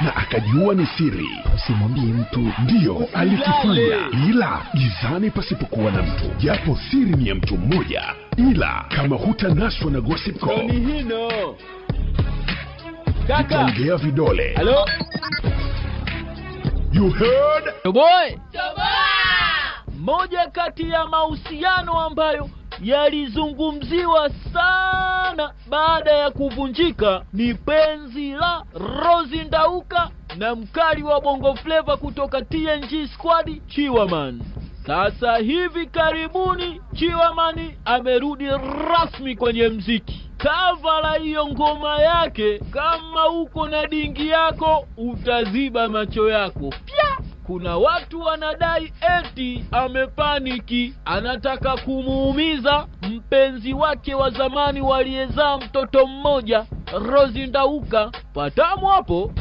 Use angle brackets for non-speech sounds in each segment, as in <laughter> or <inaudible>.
na akajua ni siri. Usimwambie mtu. Ndiyo alikifanya, ila gizani pasipokuwa na mtu, japo siri ni ya mtu mmoja, ila kama hutanaswa na gosipko tutaongea vidole. Hello? You heard? Yo boy. Moja kati ya mahusiano ambayo yalizungumziwa sana baada ya kuvunjika ni penzi la Rozi Ndauka na mkali wa Bongo Flava kutoka TNG Squad Chiwaman. Sasa hivi karibuni Chiwamani amerudi rasmi kwenye mziki. Kava la hiyo ngoma yake, kama uko na dingi yako utaziba macho yako Pia! kuna watu wanadai eti amepaniki, anataka kumuumiza mpenzi wake wa zamani waliyezaa mtoto mmoja Rozi Ndauka. Patamu hapo.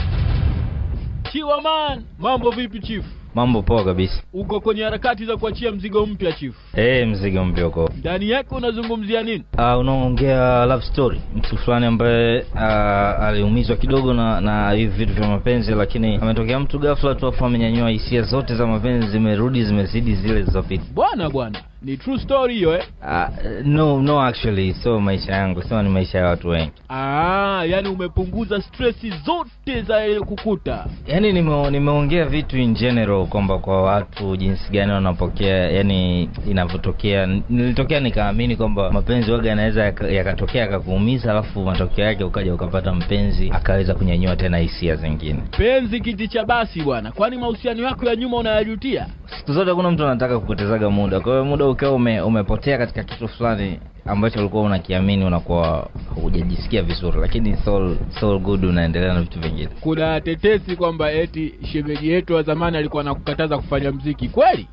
Chiwaman, mambo vipi chifu? Mambo poa kabisa. Uko kwenye harakati za kuachia mzigo mpya chief? Eh, mzigo mpya uko ndani yake. Unazungumzia nini? Ah, unaongea love story, mtu fulani ambaye ah, aliumizwa kidogo na na hivi vitu vya mapenzi, lakini ametokea mtu ghafla tu afu amenyanyua hisia zote za mapenzi, zimerudi zimezidi zile zilizopita. Bwana bwana ni true story hiyo eh? Uh, no no actually so maisha yangu so ni maisha ya watu wengi. Ah, yani umepunguza stress zote za kukuta. Yani nime, nimeongea vitu in general kwamba kwa watu jinsi gani wanapokea yani inavyotokea. Nilitokea nikaamini kwamba mapenzi waga yanaweza yakatokea akakuumiza alafu matokeo yake ukaja ukapata mpenzi akaweza kunyanyua tena hisia zingine. Penzi kiti cha basi bwana, kwani mahusiano yako ya nyuma unayajutia? Siku zote kuna mtu anataka kupotezaga muda, kwa hiyo muda wewe ukiwa ume, umepotea katika kitu fulani ambacho ulikuwa unakiamini unakuwa hujajisikia vizuri, lakini soul, soul good unaendelea na vitu vingine. Kuna tetesi kwamba eti shemeji yetu wa zamani alikuwa anakukataza kufanya mziki, kweli?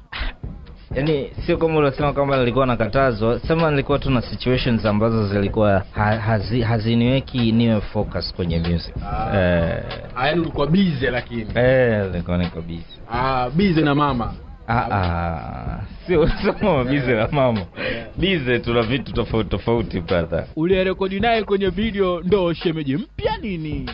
Yaani sio kama unasema kwamba nilikuwa nakatazwa, sema nilikuwa tu na situations ambazo zilikuwa ha, hazi, haziniweki niwe focus kwenye music. Ah, eh, ah, yaani ulikuwa busy lakini. Eh, nilikuwa niko busy. Ah, busy na mama. Ah, ah. sio somo bize la mama bize, tuna vitu tofauti tofauti brother. Uliyerekodi naye kwenye video ndo shemeji mpya nini?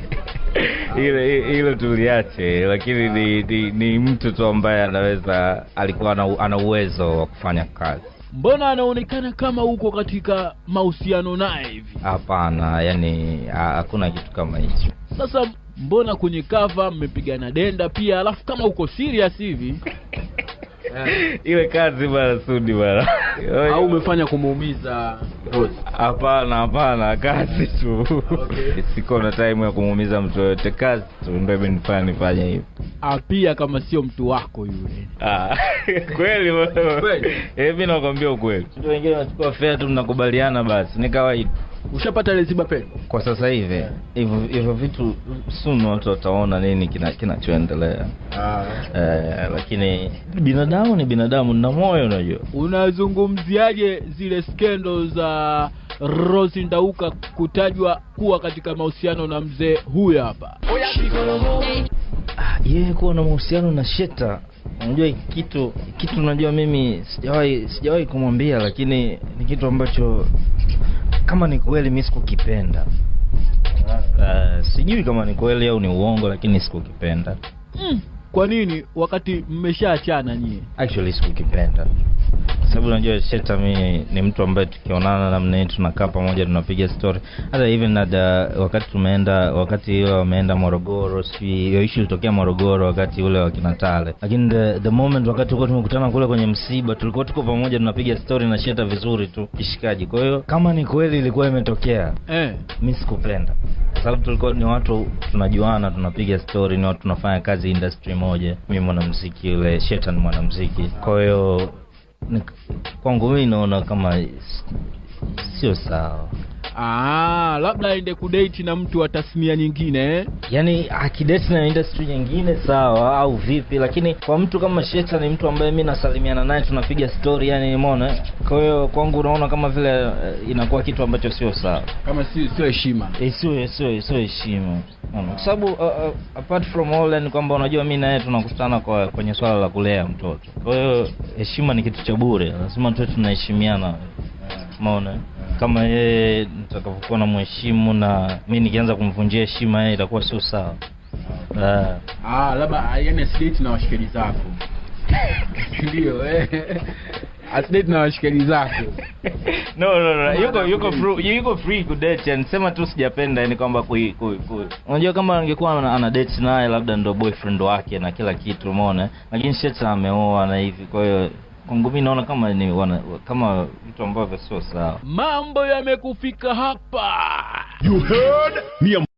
<laughs> ile hilo tuliache, lakini ni, ni, ni mtu tu ambaye anaweza alikuwa ana uwezo wa kufanya kazi mbona anaonekana kama uko katika mahusiano naye hivi? Hapana, yani hakuna kitu kama hicho. Sasa mbona kwenye kava mmepigana denda pia, alafu kama uko serious hivi <laughs> Ile kazi bana, Sudi bana. <laughs> Au umefanya kumuumiza Rose? Hapana, hapana, kazi tu. Okay. Siko na time ya kumuumiza mtu yoyote, kazi tu ndio imenifanya nifanye hivi apia ah, kama sio mtu wako yule. Ah, <laughs> kweli eh, mimi nakwambia ukweli. Watu wengine wanachukua fea tu, mnakubaliana basi, ni kawaida. Ushapata lezibape kwa sasa hivi hivyo hivyo vitu soon, watu wataona nini kinachoendelea kina ah. eh, lakini binadamu ni binadamu na moyo unajua. Unazungumziaje zile skendo za Rose Ndauka kutajwa kuwa katika mahusiano na mzee huyu hapa Ah, yeye kuwa na mahusiano na Sheta. Unajua kitu kitu, najua mimi sijawahi sijawahi kumwambia, lakini ni kitu ambacho kama ni kweli mimi sikukipenda. Uh, sijui kama ni kweli au ni uongo, lakini sikukipenda. Mm. Kwa nini wakati mmeshaachana nyie? Actually sikukipenda sababu unajua Sheta, mi ni mtu ambaye tukionana namna hii tunakaa pamoja tunapiga story. Hata even at wakati tumeenda, wakati hiyo wameenda Morogoro, sijui hiyo issue ilitokea Morogoro wakati ule wa kinatale, lakini the, the moment wakati tulikuwa tumekutana kule kwenye msiba, tulikuwa tuko pamoja tunapiga story na Sheta vizuri tu kishikaji. Kwa hiyo kama ni kweli ilikuwa imetokea eh, mi sikupenda sababu tulikuwa ni watu tunajuana, tunapiga story, ni watu tunafanya kazi industry moja. Mimi mwanamuziki, yule Sheta ni mwanamuziki, kwa hiyo kwangu mimi naona kama sio sawa. Ah, labda aende kudate na mtu wa tasnia nyingine, eh? yaani akidate na industry nyingine sawa au vipi? Lakini kwa mtu kama Sheta ni mtu ambaye mi nasalimiana naye tunapiga story, yani umeona. Kwa hiyo kwangu unaona kama vile eh, inakuwa kitu ambacho sio sawa, kama sio heshima, sio heshima. Eh, kwa sababu uh, uh, apart from all ni kwamba unajua mimi naye tunakutana kwa kwenye swala la kulea mtoto. Kwa hiyo heshima ni kitu cha bure, lazima tuwe tunaheshimiana. Umeona? Kama yeye nitakavyokuwa na mheshimu na mimi nikianza kumvunjia heshima yeye itakuwa sio sawa. Ah, ah labda yani asiliti na washikaji zako. <laughs> Ndio eh asidate na washikaji zake no, no, no. yuko yuko free, yuko free kudate sema tu sijapenda ni kwamba kui, kui, kui. unajua kama angekuwa ana date naye labda ndo boyfriend wake na kila kitu umeona lakini sheta ameoa na hivi kwa hiyo kwangu mi naona kama ni wana, kama vitu ambavyo sio sawa mambo yamekufika hapa you heard?